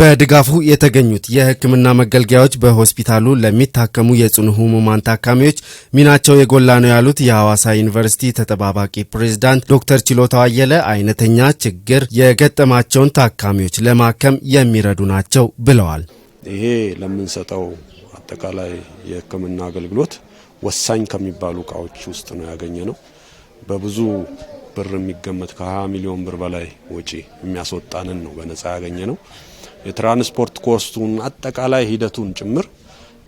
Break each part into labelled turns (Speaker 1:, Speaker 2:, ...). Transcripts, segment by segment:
Speaker 1: በድጋፉ የተገኙት የሕክምና መገልገያዎች በሆስፒታሉ ለሚታከሙ የጽኑ ህሙማን ታካሚዎች ሚናቸው የጎላ ነው ያሉት የሐዋሳ ዩኒቨርሲቲ ተጠባባቂ ፕሬዝዳንት ዶክተር ችሎታው አየለ አይነተኛ ችግር የገጠማቸውን ታካሚዎች ለማከም የሚረዱ ናቸው ብለዋል።
Speaker 2: ይሄ ለምንሰጠው አጠቃላይ የሕክምና አገልግሎት ወሳኝ ከሚባሉ እቃዎች ውስጥ ነው ያገኘ ነው። በብዙ ብር የሚገመት ከ20 ሚሊዮን ብር በላይ ወጪ የሚያስወጣንን ነው በነጻ ያገኘ ነው። የትራንስፖርት ኮስቱን አጠቃላይ ሂደቱን ጭምር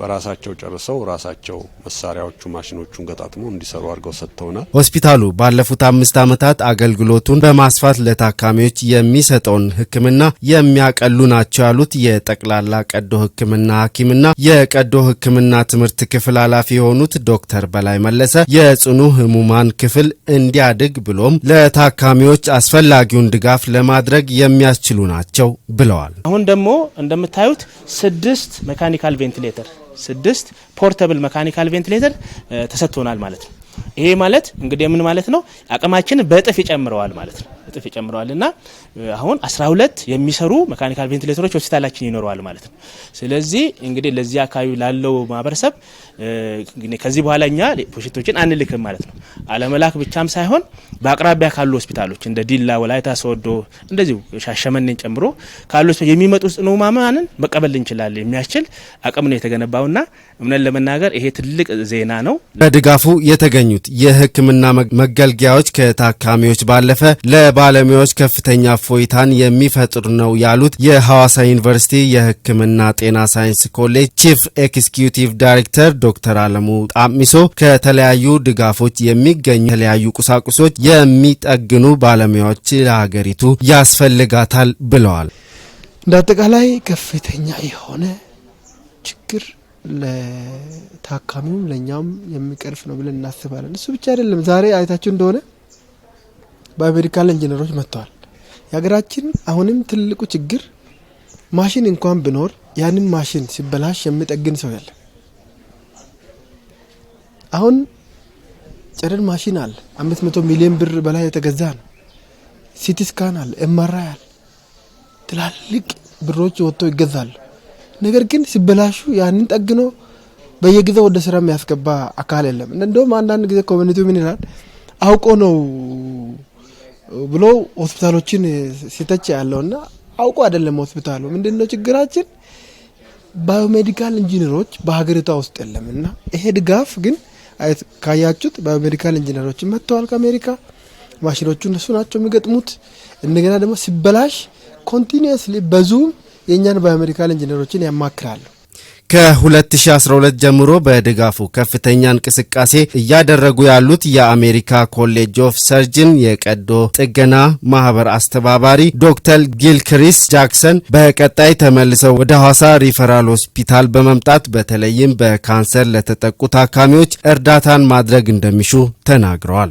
Speaker 2: በራሳቸው ጨርሰው ራሳቸው መሳሪያዎቹ ማሽኖቹን ገጣጥመው እንዲሰሩ አድርገው ሰጥተውናል።
Speaker 1: ሆስፒታሉ ባለፉት አምስት ዓመታት አገልግሎቱን በማስፋት ለታካሚዎች የሚሰጠውን ሕክምና የሚያቀሉ ናቸው ያሉት የጠቅላላ ቀዶ ሕክምና ሐኪምና የቀዶ ሕክምና ትምህርት ክፍል ኃላፊ የሆኑት ዶክተር በላይ መለሰ የጽኑ ህሙማን ክፍል እንዲያድግ ብሎም ለታካሚዎች አስፈላጊውን ድጋፍ ለማድረግ የሚያስችሉ ናቸው ብለዋል።
Speaker 3: አሁን ደግሞ እንደምታዩት ስድስት ሜካኒካል ቬንቲሌተር ስድስት ፖርተብል መካኒካል ቬንቲሌተር ተሰጥቶናል ማለት ነው። ይሄ ማለት እንግዲህ ምን ማለት ነው? አቅማችን በእጥፍ ይጨምረዋል ማለት ነው። እጥፍ ይጨምረዋል እና አሁን 12 የሚሰሩ መካኒካል ቬንትሌተሮች ሆስፒታላችን ይኖረዋል ማለት ነው። ስለዚህ እንግዲህ ለዚህ አካባቢ ላለው ማህበረሰብ ከዚህ በኋላ እኛ ፖሽቶችን አንልክም ማለት ነው። አለመላክ ብቻም ሳይሆን በአቅራቢያ ካሉ ሆስፒታሎች እንደ ዲላ፣ ወላይታ ሶዶ እንደዚሁ ሻሸመኔን ጨምሮ ካሉ የሚመጡ ነው ህሙማንን መቀበል እንችላለን የሚያስችል አቅም ነው የተገነባውና እምነን ለመናገር ይሄ ትልቅ ዜና ነው።
Speaker 1: በድጋፉ የተገኙት የህክምና መገልገያዎች ከታካሚዎች ባለፈ ለባለሙያዎች ከፍተኛ ፎይታን የሚፈጥር ነው ያሉት የሐዋሳ ዩኒቨርሲቲ የሕክምና ጤና ሳይንስ ኮሌጅ ቺፍ ኤክስኪዩቲቭ ዳይሬክተር ዶክተር አለሙ ጣሚሶ ከተለያዩ ድጋፎች የሚገኙ የተለያዩ ቁሳቁሶች የሚጠግኑ ባለሙያዎች ለሀገሪቱ ያስፈልጋታል ብለዋል።
Speaker 4: እንደ አጠቃላይ ከፍተኛ የሆነ ችግር ለታካሚውም ለእኛም የሚቀርፍ ነው ብለን እናስባለን። እሱ ብቻ አይደለም። ዛሬ አይታችሁ እንደሆነ በአሜሪካ ላይ ኢንጂነሮች መጥተዋል። የሀገራችን አሁንም ትልቁ ችግር ማሽን እንኳን ቢኖር ያንን ማሽን ሲበላሽ የሚጠግን ሰው የለም። አሁን ጨረር ማሽን አለ፣ አምስት መቶ ሚሊዮን ብር በላይ የተገዛ ነው። ሲቲ ስካን አለ፣ ኤምአርአይ አለ፣ ትላልቅ ብሮች ወጥቶ ይገዛሉ። ነገር ግን ሲበላሹ ያንን ጠግኖ በየጊዜው ወደ ስራ የሚያስገባ አካል የለም። እንደውም አንዳንድ ጊዜ ኮሚኒቲ ምን ይላል አውቆ ነው ብሎ ሆስፒታሎችን ሲተች ያለውና አውቁ አይደለም ሆስፒታሉ። ምንድነው ችግራችን? ባዮሜዲካል ኢንጂነሮች በሀገሪቷ ውስጥ የለም እና ይሄ ድጋፍ ግን ካያችሁት ባዮሜዲካል ኢንጂነሮችን መጥተዋል ከአሜሪካ። ማሽኖቹ እነሱ ናቸው የሚገጥሙት። እንደገና ደግሞ ሲበላሽ ኮንቲኒስ በዙም የእኛን ባዮሜዲካል ኢንጂነሮችን ያማክራሉ።
Speaker 1: ከ2012 ጀምሮ በድጋፉ ከፍተኛ እንቅስቃሴ እያደረጉ ያሉት የአሜሪካ ኮሌጅ ኦፍ ሰርጅን የቀዶ ጥገና ማህበር አስተባባሪ ዶክተር ጊልክሪስ ጃክሰን በቀጣይ ተመልሰው ወደ ሐዋሳ ሪፈራል ሆስፒታል በመምጣት በተለይም በካንሰር ለተጠቁ ታካሚዎች እርዳታን ማድረግ እንደሚሹ ተናግረዋል።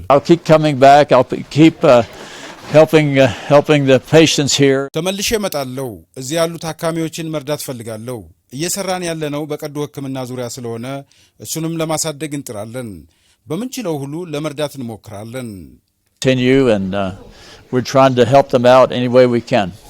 Speaker 5: ተመልሼ
Speaker 1: እመጣለሁ። እዚህ ያሉ ታካሚዎችን መርዳት ፈልጋለሁ። እየሰራን ያለነው በቀዶ ሕክምና ዙሪያ ስለሆነ እሱንም ለማሳደግ እንጥራለን። በምንችለው ሁሉ ለመርዳት
Speaker 5: እንሞክራለን።